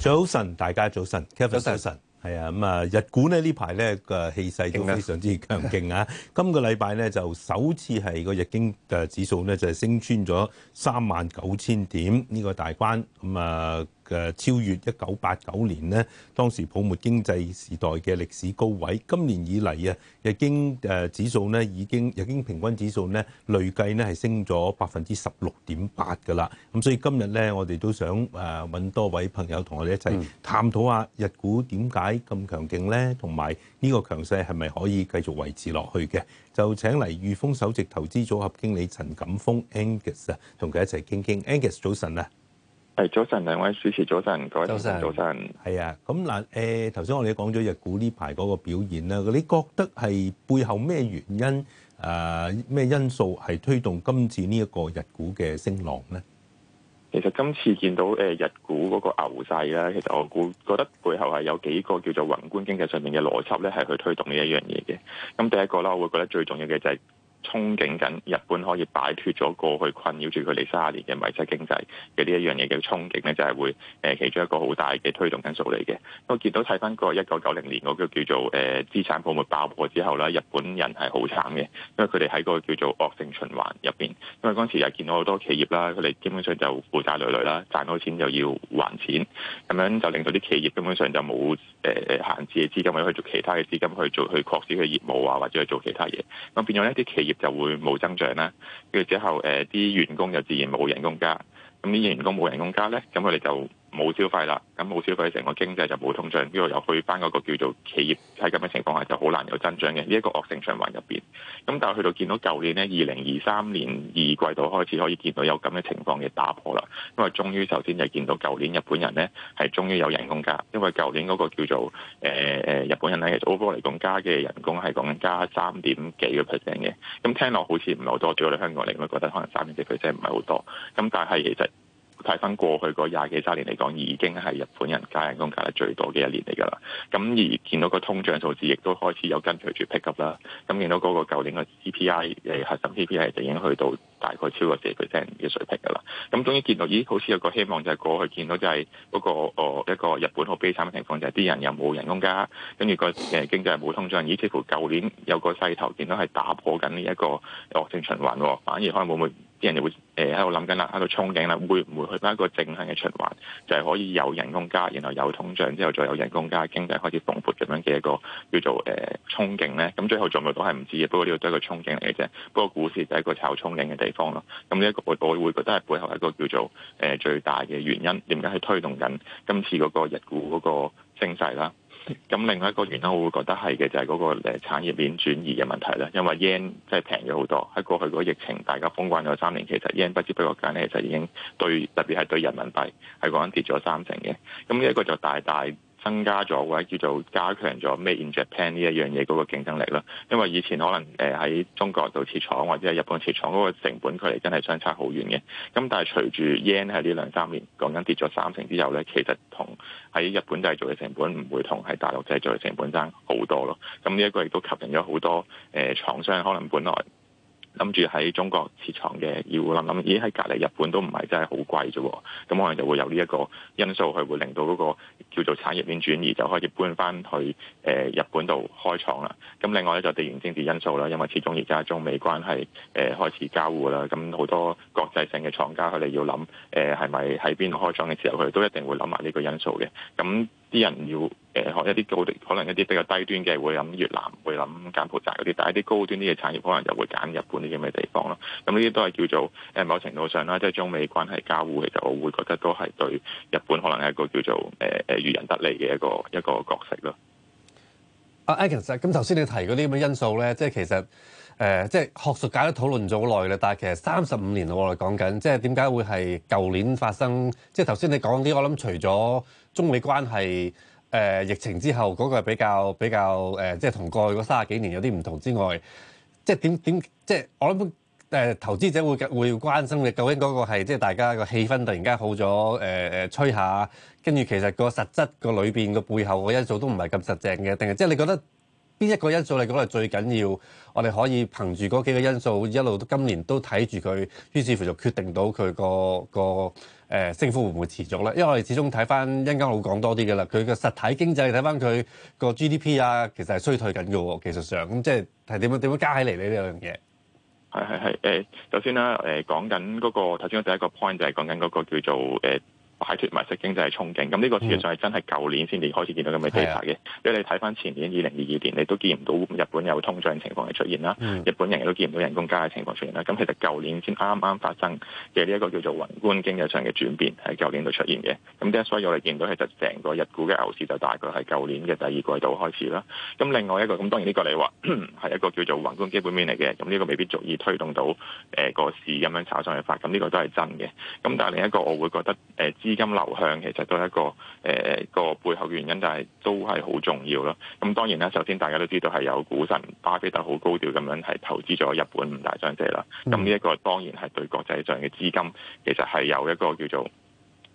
早晨，大家早晨，Kevin 早，天早晨，係啊，咁、嗯、啊，日股咧呢排咧嘅氣勢都非常之強勁啊！今個禮拜咧就首次係個日經嘅指數咧就係、是、升穿咗三萬九千點呢，這個大關，咁、嗯、啊。呃嘅超越一九八九年呢，當時泡沫經濟時代嘅歷史高位。今年以嚟啊，日經誒指數呢已經日經平均指數呢累計呢係升咗百分之十六點八嘅啦。咁所以今日呢，我哋都想誒揾多位朋友同我哋一齊探討下日股點解咁強勁呢，同埋呢個強勢係咪可以繼續維持落去嘅？就請嚟馭風首席投資組合經理陳錦鋒 Angus 啊，同佢一齊傾傾。Angus 早晨啊！係早晨，兩位主持，早晨，各位早晨，早晨，係啊。咁嗱，誒頭先我哋講咗日股呢排嗰個表現啦，你覺得係背後咩原因啊？咩、呃、因素係推動今次呢一個日股嘅升浪咧？其實今次見到誒日股嗰個牛勢咧，其實我估覺得背後係有幾個叫做宏觀經濟上面嘅邏輯咧，係去推動呢一樣嘢嘅。咁、嗯、第一個啦，我會覺得最重要嘅就係、是。憧憬緊日本可以擺脱咗過去困擾住佢哋三十年嘅迷失經濟嘅呢一樣嘢嘅憧憬咧，就係、是、會誒、呃、其中一個好大嘅推動因素嚟嘅。我見到睇翻個一九九零年嗰個叫做誒、呃、資產泡沫爆破之後咧，日本人係好慘嘅，因為佢哋喺個叫做惡性循環入邊。因為嗰陣時又見到好多企業啦，佢哋基本上就負債累累啦，賺到錢就要還錢，咁樣就令到啲企業根本上就冇誒誒閒置嘅資金或者去做其他嘅資金去做去擴展佢業務啊，或者去做其他嘢。咁變咗咧，啲企業。就會冇增長啦，跟住之後，誒啲員工就自然冇人工加，咁啲員工冇人工加咧，咁佢哋就。冇消費啦，咁冇消費，成個經濟就冇通脹，之後又去翻嗰個叫做企業，喺咁嘅情況下就好難有增長嘅，呢、這、一個惡性循環入邊。咁但係去到見到舊年呢，二零二三年二季度開始可以見到有咁嘅情況嘅打破啦，因為終於首先就見到舊年日本人呢，係終於有人工加，因為舊年嗰個叫做誒誒、呃、日本人咧，其實歐波嚟講加嘅人工係講緊加三點幾個 percent 嘅，咁聽落好似唔係好多，最後嚟香港嚟。你會覺得可能三點幾 percent 唔係好多，咁但係其實。睇翻過去個廿幾三年嚟講，已經係日本人加人工加得最多嘅一年嚟㗎啦。咁而見到個通脹數字亦都開始有跟隨住 pick up 啦。咁見到嗰個舊年嘅 CPI 誒核心 CPI 就已經去到。大概超過四 percent 嘅水平㗎啦，咁、嗯、終於見到，咦？好似有個希望，就係、是、過去見到就係嗰、那個哦、呃、一個日本好悲慘嘅情況，就係、是、啲人又冇人工加，跟住個誒經濟冇通脹。咦？似乎舊年有個勢頭，見到係打破緊呢一個惡性循環，反而可能會唔會啲人又會誒喺度諗緊啦，喺、呃、度憧憬啦，會唔會去返一個正向嘅循環，就係、是、可以有人工加，然後有通脹之後再有人工加，經濟開始蓬勃咁樣嘅一個叫做誒、呃、憧憬咧？咁、嗯、最後仲有冇都係唔知嘅，不過呢個都係一個憧憬嚟嘅啫。不過股市就係一個炒憧憬嘅地方。方咯，咁呢一個我我會覺得係背後一個叫做誒最大嘅原因，點解係推動緊今次嗰個日股嗰個升勢啦？咁另外一個原因我會覺得係嘅就係、是、嗰個誒產業鏈轉移嘅問題咧，因為 yen 即係平咗好多，喺過去嗰個疫情大家封關咗三年，其實 yen 不知不覺間咧其實已經對特別係對人民幣係講緊跌咗三成嘅，咁呢一個就大大。增加咗或者叫做加強咗 Made in Japan 呢一樣嘢嗰個競爭力啦，因為以前可能誒喺中國度設廠或者喺日本設廠嗰、那個成本，距離真係相差好遠嘅。咁但係隨住 yen 喺呢兩三年講緊跌咗三成之後咧，其實同喺日本製造嘅成本唔會同喺大陸製造嘅成本爭好多咯。咁呢一個亦都吸引咗好多誒、呃、廠商，可能本來。諗住喺中國設廠嘅要諗諗，已經喺隔離日本都唔係真係好貴啫，咁可能就會有呢一個因素去會令到嗰個叫做產業鏈轉移，就開始搬翻去誒、呃、日本度開廠啦。咁另外咧就地緣政治因素啦，因為始終而家中美關係誒、呃、開始交互啦，咁好多國際性嘅廠家佢哋要諗誒係咪喺邊度開廠嘅時候，佢哋都一定會諗埋呢個因素嘅。咁啲人要。誒學一啲高可能一啲比較低端嘅會諗越南，會諗柬埔寨嗰啲，但係一啲高端啲嘅產業，可能就會揀日本啲咁嘅地方咯。咁呢啲都係叫做誒某程度上啦，即係中美關係交互，其實我會覺得都係對日本可能係一個叫做誒誒漁人得利嘅一個一個角色咯。阿 Alex，咁頭先你提嗰啲咁嘅因素咧，即係其實誒、呃，即係學術界都討論咗好耐啦。但係其實三十五年嚟我哋講緊，即係點解會係舊年發生？即係頭先你講啲，我諗除咗中美關係。誒疫情之後嗰、嗰個比較比較誒、呃，即係同過去三十幾年有啲唔同之外，即係點點即係我諗誒、呃、投資者會會關心嘅，究竟嗰個係即係大家個氣氛突然間好咗，誒誒吹下，跟住其實個實質個裏邊個背後個因素都唔係咁實淨嘅，定係即係你覺得邊一個因素你講係最緊要，我哋可以憑住嗰幾個因素一路今年都睇住佢，於是乎就決定到佢個、那個。那個誒升幅會唔會持續咧？因為我哋始終睇翻，陣間我會講多啲嘅啦。佢個實體經濟睇翻佢個 GDP 啊，其實係衰退緊嘅喎，技術上。咁即係點樣點樣加起嚟呢？呢兩樣嘢係係係誒，首、呃、先啦誒，講緊嗰個頭先我第一個 point 就係講緊嗰個叫做誒。呃擺脫埋質經濟係憧憬。咁呢個事實係真係舊年先至開始見到咁嘅地勢嘅。的因為你睇翻前年二零二二年，你都見唔到日本有通脹情況嘅出現啦，的日本人亦都見唔到人工加嘅情況出現啦。咁其實舊年先啱啱發生嘅呢一個叫做宏觀經濟上嘅轉變，係舊年度出現嘅。咁因此我哋見到其實成個日股嘅牛市就大概係舊年嘅第二季度開始啦。咁另外一個咁當然呢個你話係一個叫做宏觀基本面嚟嘅，咁呢個未必足以推動到誒個、呃、市咁樣炒上去發，咁呢個都係真嘅。咁但係另一個我會覺得誒、呃資金流向其實都係一個誒、呃、個背後嘅原因，就係都係好重要啦。咁當然啦，首先大家都知道係有股神巴菲特好高調咁樣係投資咗日本五大商社啦。咁呢一個當然係對國際上嘅資金，其實係有一個叫做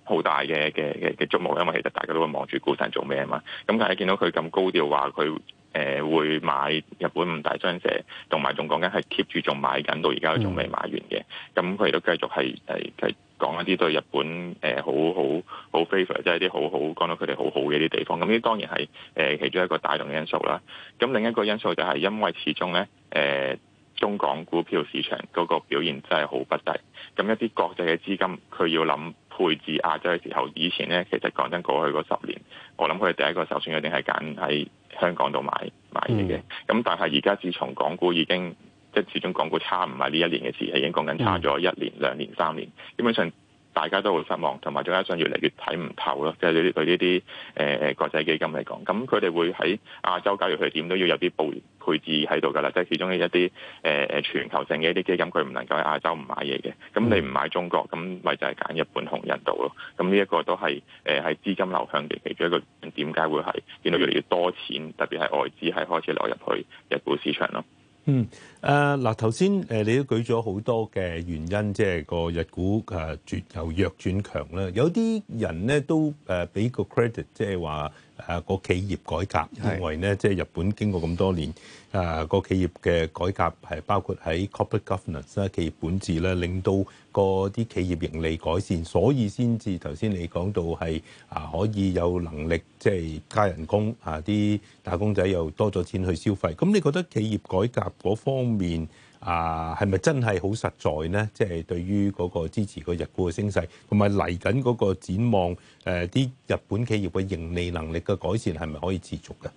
好大嘅嘅嘅嘅矚目，因為其實大家都會望住股神做咩啊嘛。咁但係見到佢咁高調話佢誒會買日本五大商社，同埋仲講緊係 keep 住仲買緊到而家仲未買完嘅，咁佢亦都繼續係係。講一啲對日本誒、呃、好好好 favour，即係一啲好好講到佢哋好好嘅一啲地方，咁呢當然係誒、呃、其中一個帶動嘅因素啦。咁另一個因素就係因為始終咧誒中港股票市場嗰個表現真係好不濟。咁一啲國際嘅資金佢要諗配置亞洲嘅時候，以前咧，其實講真過去嗰十年，我諗佢哋第一個首選一定係揀喺香港度買買嘢嘅。咁但係而家自從港股已經即係、嗯、始終港股差唔係呢一年嘅事，已經講緊差咗一年、兩年、三年。基本上大家都會失望，同埋再加上越嚟越睇唔透咯。即係對呢啲誒誒國際基金嚟講，咁佢哋會喺亞洲，假如佢點都要有啲佈配置喺度㗎喇。即係始終一啲誒誒全球性嘅一啲基金，佢唔能夠喺亞洲唔買嘢嘅。咁你唔買中國，咁咪就係揀日本、韓、印度咯。咁呢一個都係誒喺資金流向嘅其中一個點解會係見到越嚟越多錢，特別係外資係開始流入去日本市場咯。嗯。誒嗱，頭先誒你都舉咗好多嘅原因，即係個日股誒轉由弱轉強啦。有啲人咧都誒俾個 credit，即係話誒個企業改革，因為咧即係日本經過咁多年誒個企業嘅改革係包括喺 corporate governance 啦、企業本質咧令到啲企業盈利改善，所以先至頭先你講到係啊可以有能力即係加人工啊啲打工仔又多咗錢去消費，咁你覺得企業改革嗰方面面啊，係咪、呃、真係好實在呢？即、就、係、是、對於嗰個支持個日股嘅升勢，同埋嚟緊嗰個展望，誒、呃，啲日本企業嘅盈利能力嘅改善係咪可以持續嘅？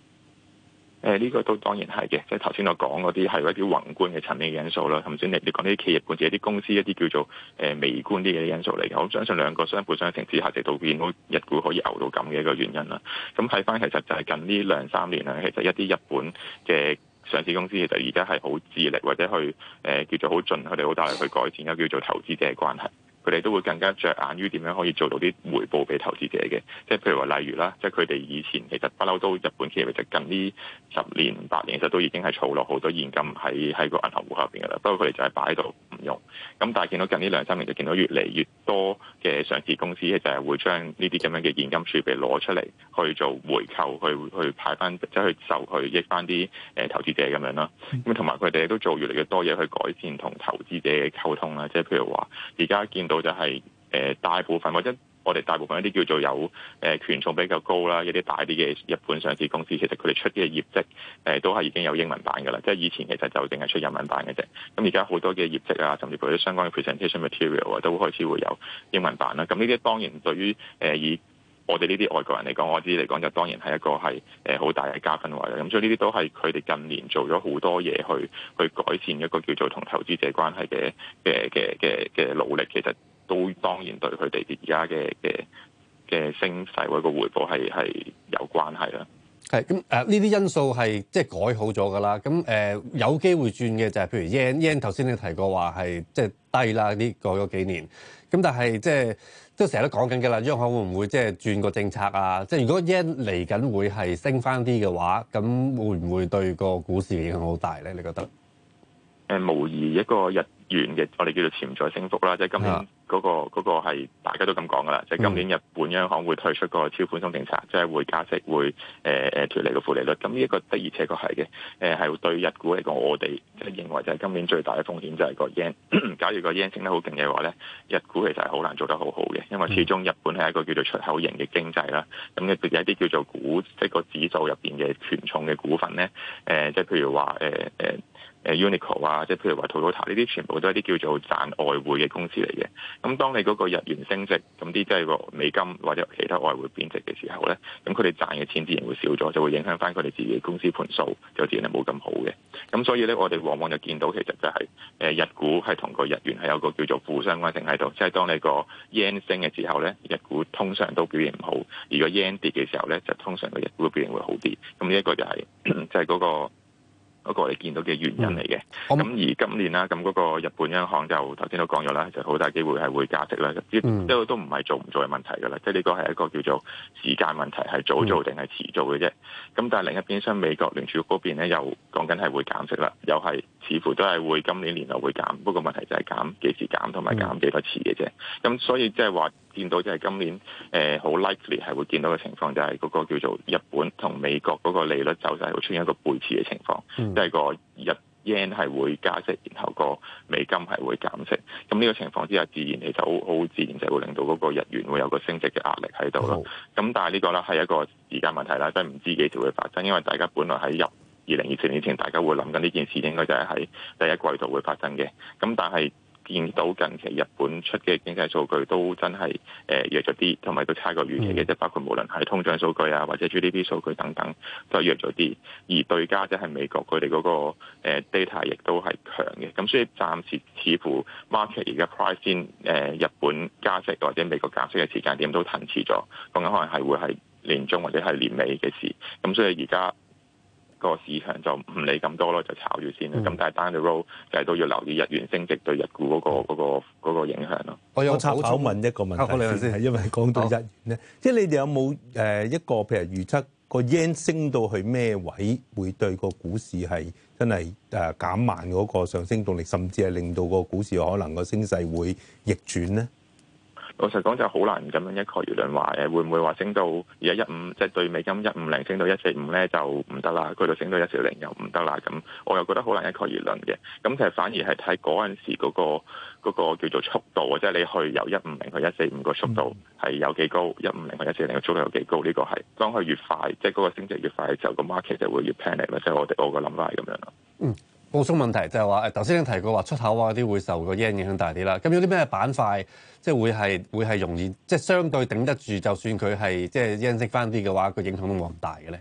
誒、呃、呢、這個都當然係嘅，即係頭先我講嗰啲係一啲宏觀嘅層面嘅因素啦。頭先你你講啲企業本身一啲公司一啲叫做誒、呃、微觀啲嘅因素嚟嘅，我相信兩個相輔相成之下，成到變到日股可以牛到咁嘅一個原因啦。咁睇翻其實就係近呢兩三年啊，其實一啲日本嘅。上市公司其實而家係好致力，或者去誒、呃、叫做好盡佢哋好大力去改善一個叫做投資者嘅關係。佢哋都會更加着眼於點樣可以做到啲回報俾投資者嘅，即係譬如話，例如啦，即係佢哋以前其實不嬲都日本企業，就近呢十年八年，其實都已經係儲落好多現金喺喺個銀行戶口入邊噶啦。不過佢哋就係擺喺度唔用。咁但係見到近呢兩三年，就見到越嚟越多嘅上市公司就係會將呢啲咁樣嘅現金儲備攞出嚟去做回購，去去派翻即係去受佢益翻啲誒投資者咁樣啦。咁同埋佢哋都做越嚟越多嘢去改善同投資者嘅溝通啦。即係譬如話，而家見到。或者係、呃、大部分，或者我哋大部分一啲叫做有誒、呃、權重比較高啦，一啲大啲嘅日本上市公司，其實佢哋出嘅業績誒、呃、都係已經有英文版嘅啦。即係以前其實就淨係出日文版嘅啫。咁而家好多嘅業績啊，甚至乎啲相關嘅 presentation material 啊，都開始會有英文版啦。咁呢啲當然對於誒、呃、以我哋呢啲外國人嚟講，我知嚟講就當然係一個係誒好大嘅加分位嘅，咁所以呢啲都係佢哋近年做咗好多嘢去去改善一個叫做同投資者關係嘅嘅嘅嘅嘅努力，其實都當然對佢哋而家嘅嘅嘅升勢或者個回報係係有關係啦。係咁誒，呢啲、嗯、因素係即係改好咗㗎啦。咁誒、呃、有機會轉嘅就係、係、譬如 yen yen 頭先你提過話係即係低啦呢、呢個過幾年。咁但係即係都成日都講緊嘅啦，央行會唔會即係轉個政策啊？即係如果 yen 嚟緊會係升翻啲嘅話，咁會唔會對個股市影響好大咧？你覺得？誒無疑一個日。源嘅，我哋叫做潛在升幅啦，即係今年嗰、那個嗰係 Yeah.、那個那個、大家都咁講噶啦，即係今年日本央行會退出個超寬鬆政策，即係會加息，會誒誒、呃、脫離個負利率。咁、這、呢、個呃、一的而且個係嘅，誒係對日股嚟講，我哋即係認為就係今年最大嘅風險就係個 yen。 假如個 yen 升得好勁嘅話咧，日股其實係好難做得好好嘅，因為始終日本係一個叫做出口型嘅經濟啦。咁、嗯、嘅、嗯嗯、有一啲叫做股，即、就、係、是、個指數入邊嘅權重嘅股份咧，誒、呃，即、呃、係譬如話誒誒。呃呃呃誒 Uniqlo 啊，即係譬如話 Toyota 呢啲，全部都係啲叫做賺外匯嘅公司嚟嘅。咁當你嗰個日元升值，咁啲即係個美金或者其他外匯貶值嘅時候咧，咁佢哋賺嘅錢自然會少咗，就會影響翻佢哋自己嘅公司盤數，就自然係冇咁好嘅。咁所以咧，我哋往往就見到其實就係、是、誒日股係同個日元係有個叫做負相關性喺度，即係當你個 yen 升嘅時候咧，日股通常都表現唔好；如果 yen 跌嘅時候咧，就通常個日股表現會好啲。咁呢一個就係即係嗰嗰個你見到嘅原因嚟嘅，咁而今年啦，咁嗰個日本央行就頭先都講咗啦，就好大機會係會加息啦，即係都唔係做唔做嘅問題噶啦，即係呢個係一個叫做時間問題，係早做定係遲做嘅啫。咁但係另一邊，相比美國聯儲局嗰邊咧，又講緊係會減息啦，又係似乎都係會今年年內會減，不過問題就係減幾時減同埋減幾多次嘅啫。咁所以即係話。見到就係今年誒好、呃、likely 係會見到嘅情況，就係嗰個叫做日本同美國嗰個利率走勢會出現一個背馳嘅情況，即係、嗯、個日 yen 係會加息，然後個美金係會減息。咁呢個情況之下，自然你就好好自然就會令到嗰個日元會有個升值嘅壓力喺度咯。咁好但係呢個咧係一個時間問題啦，即係唔知幾時會發生，因為大家本來喺入二零二四年前，大家會諗緊呢件事應該就係喺第一季度會發生嘅。咁但係。見到近期日本出嘅經濟數據都真係誒、呃、弱咗啲，同埋都差過預期嘅，即係包括無論係通脹數據啊，或者 GDP 數據等等都係弱咗啲。而對家即係美國佢哋嗰個 data 亦都係強嘅，咁所以暫時似乎 market 而家 pricing，誒、呃、日本加息或者美國加息嘅時間點都騰遲咗，咁可能係會係年中或者係年尾嘅事。咁所以而家。個市場就唔理咁多咯，就炒住先啦。咁但係 down the road 就係都要留意日元升值對日股嗰個嗰個嗰個影響咯。我有補問一個問題先，因為講到日元咧，即係你哋有冇誒一個譬如預測個 yen 升到去咩位，會對個股市係真係誒減慢嗰個上升動力，甚至係令到個股市可能個升勢會逆轉咧？老實講就好難咁樣一概而論話，誒會唔會話升到而家一五，即係兌美金一五零升到一四五咧就唔得啦，嗰度升到一四零又唔得啦。咁我又覺得好難一概而論嘅。咁其實反而係睇嗰陣時嗰個個叫做速度，即係你去由一五零去一四五個速度係有幾高，一五零去一四零個速度有幾高。呢個係當佢越快，即係嗰個升值越快，嘅時候，個 market 就會越 panic 咯。即係我哋我個諗法係咁樣咯。嗯。佈局問題就係話，頭先你提過話出口啊啲會受個 yen 影響大啲啦。咁有啲咩板塊即係會係會係容易即係相對頂得住，就算佢係即係 yen 息翻啲嘅話，佢影響都冇咁大嘅咧？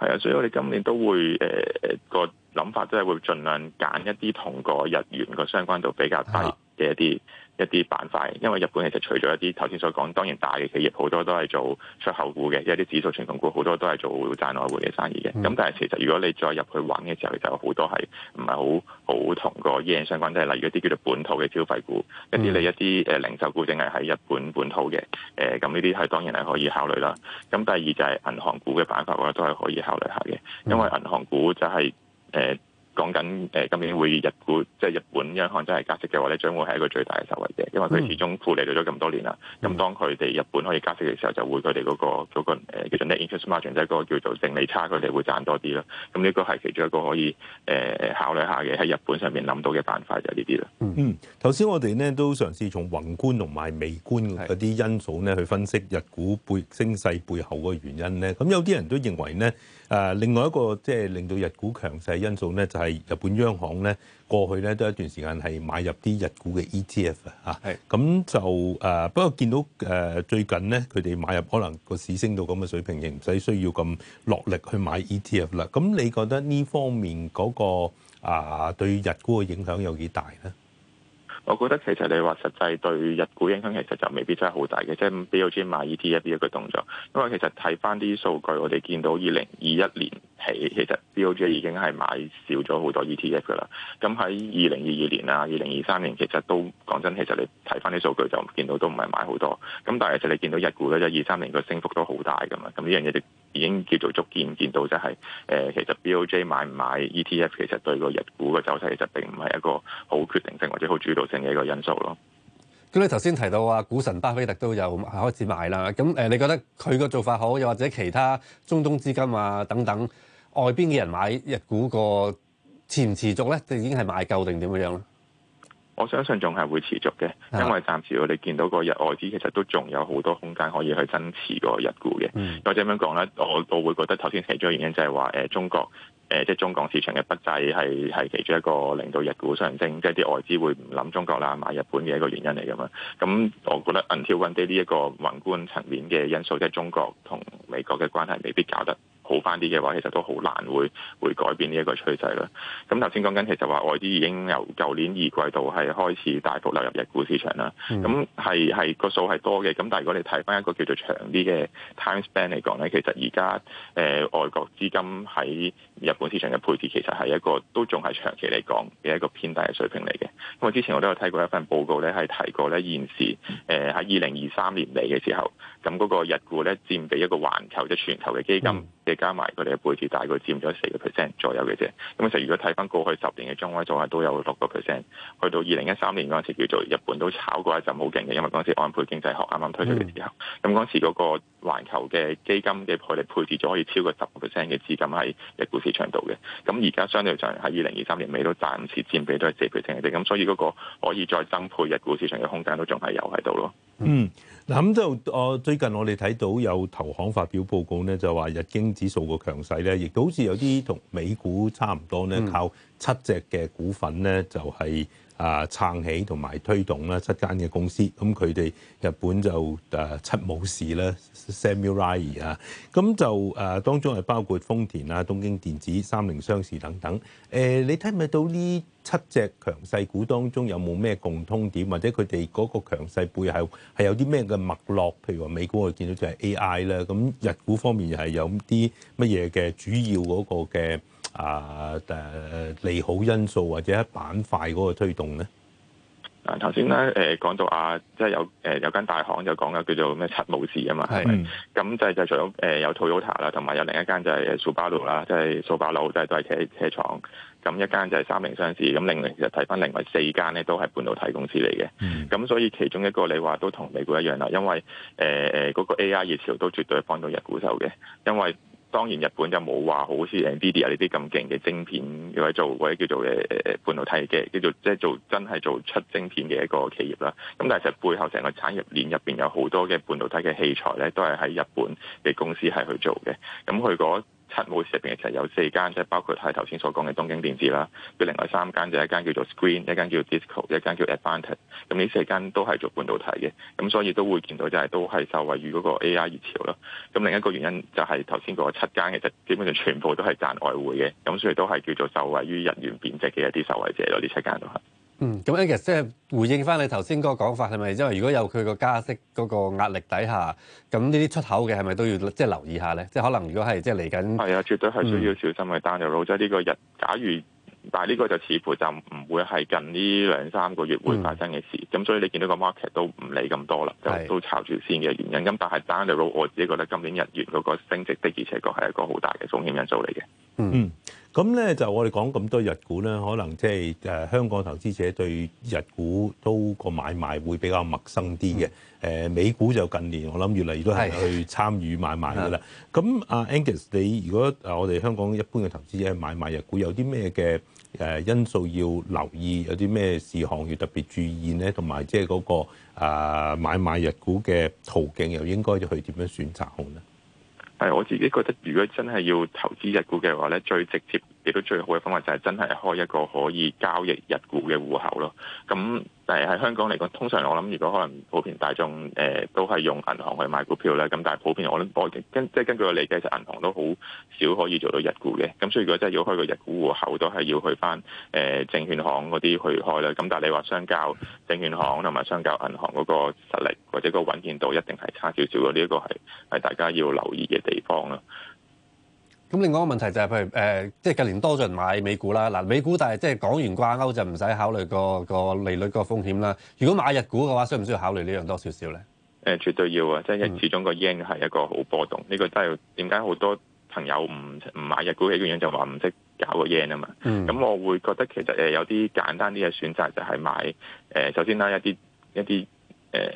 係啊，所以我哋今年都會誒、呃那個諗法即係會盡量揀一啲同個日元個相關度比較低嘅一啲。啊一啲板塊，因為日本其實除咗一啲頭先所講，當然大嘅企業好多都係做出口股嘅，一啲指數傳統股好多都係做賺外匯嘅生意嘅。咁、嗯、但係其實如果你再入去揾嘅時候，就有好多係唔係好好同一個嘢相關，即係例如一啲叫做本土嘅消費股，嗯、一啲你一啲誒零售股，淨係喺日本本土嘅。誒咁呢啲係當然係可以考慮啦。咁、呃、第二就係銀行股嘅板塊，我覺得都係可以考慮下嘅，因為銀行股就係、是、誒。呃講緊誒，今年會日股即係、就是、日本央行真係加息嘅話咧，將會係一個最大嘅受惠者，因為佢始終負利率咗咁多年啦。咁、嗯、當佢哋日本可以加息嘅時候，就會佢哋嗰個嗰、那個、叫做 net interest margin，即係嗰個叫做淨利差，佢哋會賺多啲咯。咁呢個係其中一個可以誒、呃、考慮下嘅，喺日本上面諗到嘅辦法就係呢啲啦。嗯，頭先我哋呢都嘗試從宏觀同埋微觀嗰啲因素呢去分析日股背升勢背後嘅原因咧。咁有啲人都認為呢，誒另外一個即係、就是、令到日股強勢因素呢。就是係日本央行咧，過去咧都一段時間係買入啲日股嘅 ETF 是啊，咁就誒、啊、不過見到誒、啊、最近咧，佢哋買入可能個市升到咁嘅水平，亦唔使需要咁落力去買 ETF 啦。咁你覺得呢方面嗰、嗰個啊對日股嘅影響有幾大咧？我覺得其實你話實際對日股影響其實就未必真係好大嘅，即係 BOJ 買 ETF 呢一個動作。因為其實睇翻啲數據，我哋見到二零二一年起，其實 BOJ 已經係買少咗好多 ETF 噶啦。咁喺二零二二年啦、二零二三年，年其實都講真，其實你睇翻啲數據就見到都唔係買好多。咁但係其實你見到日股咧，一二三年個升幅都好大噶嘛。咁呢樣嘢已經叫做逐漸見到、就是，就係誒，其實 B O J 買唔買 E T F，其實對個日股嘅走勢，其實並唔係一個好決定性或者好主導性嘅一個因素咯。咁你頭先提到話，股神巴菲特都有開始買啦。咁誒，你覺得佢個做法好，又或者其他中東資金啊等等外邊嘅人買日股個持唔持續咧，就已經係買夠定點樣咧？我相信仲係會持續嘅，因為暫時我哋見到個日外資其實都仲有好多空間可以去增持個日股嘅、嗯。我咁樣講咧，我我會覺得頭先其中一個原因就係話誒中國誒、呃、即係中港市場嘅不濟係係其中一個令到日股上升，即係啲外資會唔諗中國啦買日本嘅一個原因嚟噶嘛。咁我覺得 until one day 呢一個宏觀層面嘅因素，即係中國同美國嘅關係未必搞得好翻啲嘅話，其實都好難會會改變呢一個趨勢啦。咁頭先講緊，其實話外資已經由舊年二季度係開始大幅流入日股市場啦。咁係係個數係多嘅。咁但係如果你睇翻一個叫做長啲嘅 time span 嚟講咧，其實而家誒外國資金喺日本市場嘅配置其實係一個都仲係長期嚟講嘅一個偏低嘅水平嚟嘅。咁我之前我都有睇過一份報告咧，係提過咧現時誒喺二零二三年嚟嘅時候，咁嗰個日股咧佔比一個環球即全球嘅基金嘅。 加埋佢哋嘅配置，大概佔咗四個 percent 左右嘅啫。咁其實如果睇翻過去十年嘅中位數啊，都有六個 percent。去到二零一三年嗰陣時，叫做日本都炒過一陣好勁嘅，因為嗰陣時安倍經濟學啱啱推出嘅時候。咁嗰、嗯、時嗰、嗰個。全球嘅基金嘅配置配置咗可以超過十個 percent 嘅資金喺日股市場度嘅，咁而家相對上喺二零二三年尾都暫時佔比都係四倍 e 嘅 c，咁所以嗰個可以再增配日股市場嘅空間都仲係有喺度咯。嗯，嗱咁就我、呃、最近我哋睇到有投行發表報告呢，就話日經指數個強勢咧，亦都好似有啲同美股差唔多呢，嗯、靠七隻嘅股份呢，就係、是。啊撐起同埋推動咧七間嘅公司，咁佢哋日本就誒、啊、七武士啦 Samurai 啊，咁就誒當中係包括豐田啊、東京電子、三菱商事等等。誒、呃，你睇唔睇到呢七隻強勢股當中有冇咩共通點，或者佢哋嗰個強勢背後係有啲咩嘅脈絡？譬如話美股我見到就係 AI 啦、啊，咁、嗯、日股方面又係有啲乜嘢嘅主要嗰個嘅。啊誒利好因素或者板塊嗰個推動咧？啊頭先咧誒講到啊，即係有誒有間大行就講嘅叫做咩七武士啊嘛，係，咁就就除咗誒有 Toyota 啦，同埋有另一間就係 Subaru 啦，即係 Subaru 就係都係車車廠。咁一間就係三菱商事。咁另外其實睇翻另外四間咧都係半導體公司嚟嘅。咁所以其中一個你話都同美股一樣啦，因為誒誒嗰個 AI 熱潮都絕對幫到日股手嘅，因為。當然日本就冇話好似 NVIDIA 呢啲咁勁嘅晶片，或者做或者叫做誒誒半導體嘅，叫做即係、就是、做真係做出晶片嘅一個企業啦。咁但係其實背後成個產業鏈入邊有好多嘅半導體嘅器材咧，都係喺日本嘅公司係去做嘅。咁佢嗰七股入邊其實有四間，即係包括喺頭先所講嘅東京電子啦，佢另外三間就係一間叫做 Screen，一間叫做 Disco，一間叫 Advantage。咁呢四間都係做半導體嘅，咁所以都會見到就係都係受惠於嗰個 AI 熱潮啦。咁另一個原因就係頭先嗰七間嘅，就基本上全部都係賺外匯嘅，咁所以都係叫做受惠於日元貶值嘅一啲受惠者咯。呢七間都係。嗯，咁其實即係回應翻你頭先嗰個講法，係咪因為如果有佢個加息嗰個壓力底下，咁呢啲出口嘅係咪都要即係留意下咧？即係可能如果係即係嚟緊係啊，絕對係需要小心嘅單調。即係呢個日，假如但係呢個就似乎就唔會係近呢兩三個月會發生嘅事。咁、嗯、所以你見到個 market 都唔理咁多啦，是就都炒住先嘅原因。咁但係單調，road, 我自己覺得今年日元嗰個升值的而且確係一個好大嘅風險因素嚟嘅。嗯。咁咧就我哋講咁多日股咧，可能即係誒香港投資者對日股都個買賣會比較陌生啲嘅。誒、啊、美股就近年我諗越嚟越都係去參與買賣㗎啦。咁阿 Angus，你如果我哋香港一般嘅投資者買賣日股，有啲咩嘅誒因素要留意？有啲咩事項要特別注意咧？同埋即係嗰個啊買賣日股嘅途徑又應該要去點樣選擇好咧？係我自己覺得，如果真係要投資日股嘅話咧，最直接。亦都最好嘅方法就係真係開一個可以交易日股嘅戶口咯。咁但係喺香港嚟講，通常我諗如果可能普遍大眾誒、呃、都係用銀行去買股票咧。咁但係普遍我諗我跟即係、就是、根據我理解，就銀行都好少可以做到日股嘅。咁所以如果真係要開個日股戶口，都係要去翻誒、呃、證券行嗰啲去開啦。咁但係你話相較證券行同埋相較銀行嗰個實力或者個穩健度，一定係差少少嘅。呢、這、一個係係大家要留意嘅地方啦。咁另外一個問題就係、是，譬如誒，即係近年多咗人買美股啦。嗱，美股但係即係講完掛鈎就唔使考慮個個利率個風險啦。如果買日股嘅話，需唔需要考慮呢樣多少少咧？誒，絕對要啊！即係始終個 yen 係一個好波動，呢、這個真係點解好多朋友唔唔買日股嘅原因，就話唔識搞個 yen 啊嘛。咁、嗯、我會覺得其實誒有啲簡單啲嘅選擇就係買誒，首先啦一啲一啲誒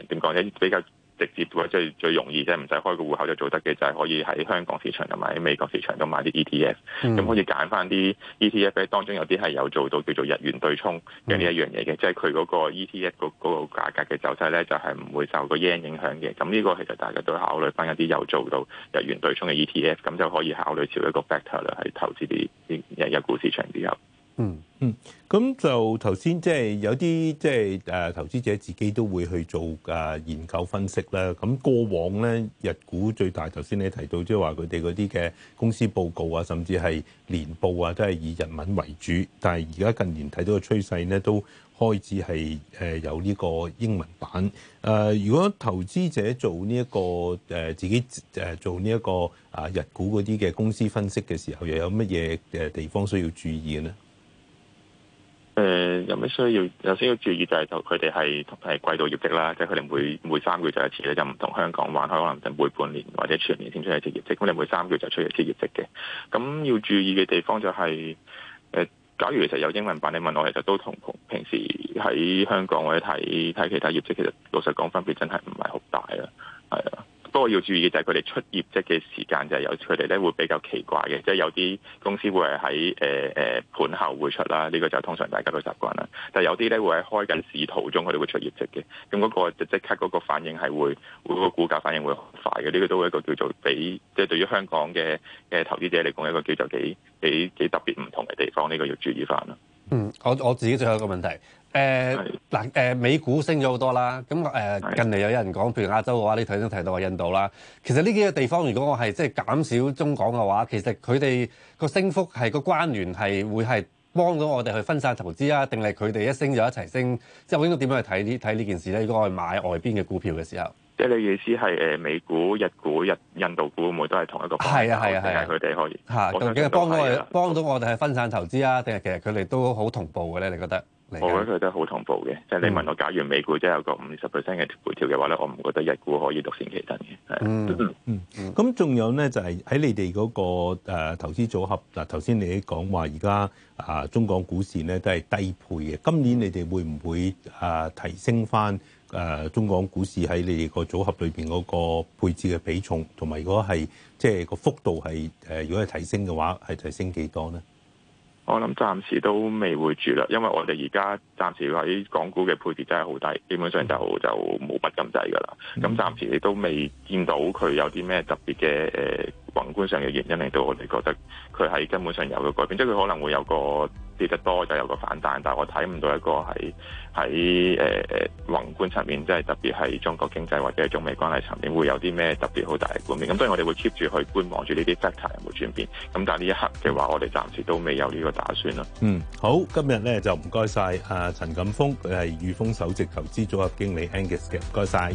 點講咧比較。直接或者最最容易即係，唔使開個戶口就做得嘅就係、是、可以喺香港市場同埋喺美國市場都買啲 ETF，咁可以揀翻啲 ETF，當中有啲係有做到叫做日元對沖嘅呢一樣嘢嘅，mm. 即係佢嗰個 ETF 嗰、那個價格嘅走勢咧就係、是、唔會受個 yen 影響嘅。咁呢個其實大家都考慮翻一啲有做到日元對沖嘅 ETF，咁就可以考慮朝一個 factor 啦，係投資啲日日股市場之後。嗯嗯，咁就頭先即係有啲即係誒投資者自己都會去做誒、啊、研究分析啦。咁、啊、過往咧日股最大，頭先你提到即係話佢哋嗰啲嘅公司報告啊，甚至係年報啊，都係以日文為主。但係而家近年睇到嘅趨勢咧，都開始係誒有呢個英文版。誒、啊，如果投資者做呢、這、一個誒、啊、自己誒做呢、這、一個啊日股嗰啲嘅公司分析嘅時候，又有乜嘢誒地方需要注意嘅咧？誒有咩需要？首先要注意就係，就佢哋係係季度業績啦，即係佢哋每每三個月就一次咧，就唔同香港玩開，可能就每半年或者全年先出一次業績，咁你每三個月就出一次業績嘅。咁要注意嘅地方就係、是，誒、呃，假如其實有英文版，你問我，其實都同平平時喺香港或者睇睇其他業績，其實老實講，分別真係唔係好大啦，係啊。不過要注意嘅就係佢哋出業績嘅時間就係有佢哋咧會比較奇怪嘅，即係有啲公司會係喺誒誒盤後會出啦，呢個就通常大家都習慣啦。但係有啲咧會喺開緊市途中，佢哋會出業績嘅，咁嗰個即即刻嗰個反應係會，嗰個股價反應會快嘅，呢個都會一個叫做比，即係對於香港嘅嘅投資者嚟講一個叫做幾幾幾特別唔同嘅地方，呢個要注意翻啦。嗯，我我自己最後一個問題。誒嗱，誒、呃呃、美股升咗好多啦。咁、呃、誒近嚟有人講，譬如亞洲嘅話，你頭先都提到話印度啦。其實呢幾個地方，如果我係即係減少中港嘅話，其實佢哋個升幅係個關聯係會係幫到我哋去分散投資啊？定係佢哋一升就一齊升？即係我應該點樣去睇呢？睇呢件事咧？如果我去買外邊嘅股票嘅時候，即係你意思係誒美股、日股、日印度股，唔每都係同一個方向，定係佢哋可以嚇？究竟、啊、幫我幫到我哋、啊、去分散投資啊？定係其實佢哋都好同步嘅咧？你覺得？我覺得佢都好同步嘅，即係、嗯、你問我，假如美股真係有個五十 percent 嘅回調嘅話咧，我唔覺得日股可以獨善其身嘅。嗯嗯嗯，咁仲、嗯嗯、有咧就係、是、喺你哋嗰、那個、呃、投資組合嗱，頭、呃、先你講話而家啊中港股市咧都係低配嘅，今年你哋會唔會啊、呃、提升翻誒、呃、中港股市喺你哋個組合裏邊嗰個配置嘅比重，同埋如果係即係個幅度係誒、呃，如果係提升嘅話，係提升幾多咧？我諗暫時都未會住啦，因為我哋而家暫時喺港股嘅配置真係好低，基本上就就冇乜金仔㗎啦。咁暫時你都未見到佢有啲咩特別嘅誒，呃宏觀上嘅原因令到我哋覺得佢係根本上有個改變，即係佢可能會有個跌得多就有個反彈，但係我睇唔到一個喺喺誒誒宏觀層面，即係特別係中國經濟或者係中美關係層面會有啲咩特別好大嘅改變。咁所以我哋會 keep 住去觀望住呢啲 data 有冇轉變。咁但係呢一刻嘅話，我哋暫時都未有呢個打算啦。嗯，好，今日咧就唔該晒啊陳錦鋒，佢係馭風首席投資組合經理 Angus 嘅，唔該晒。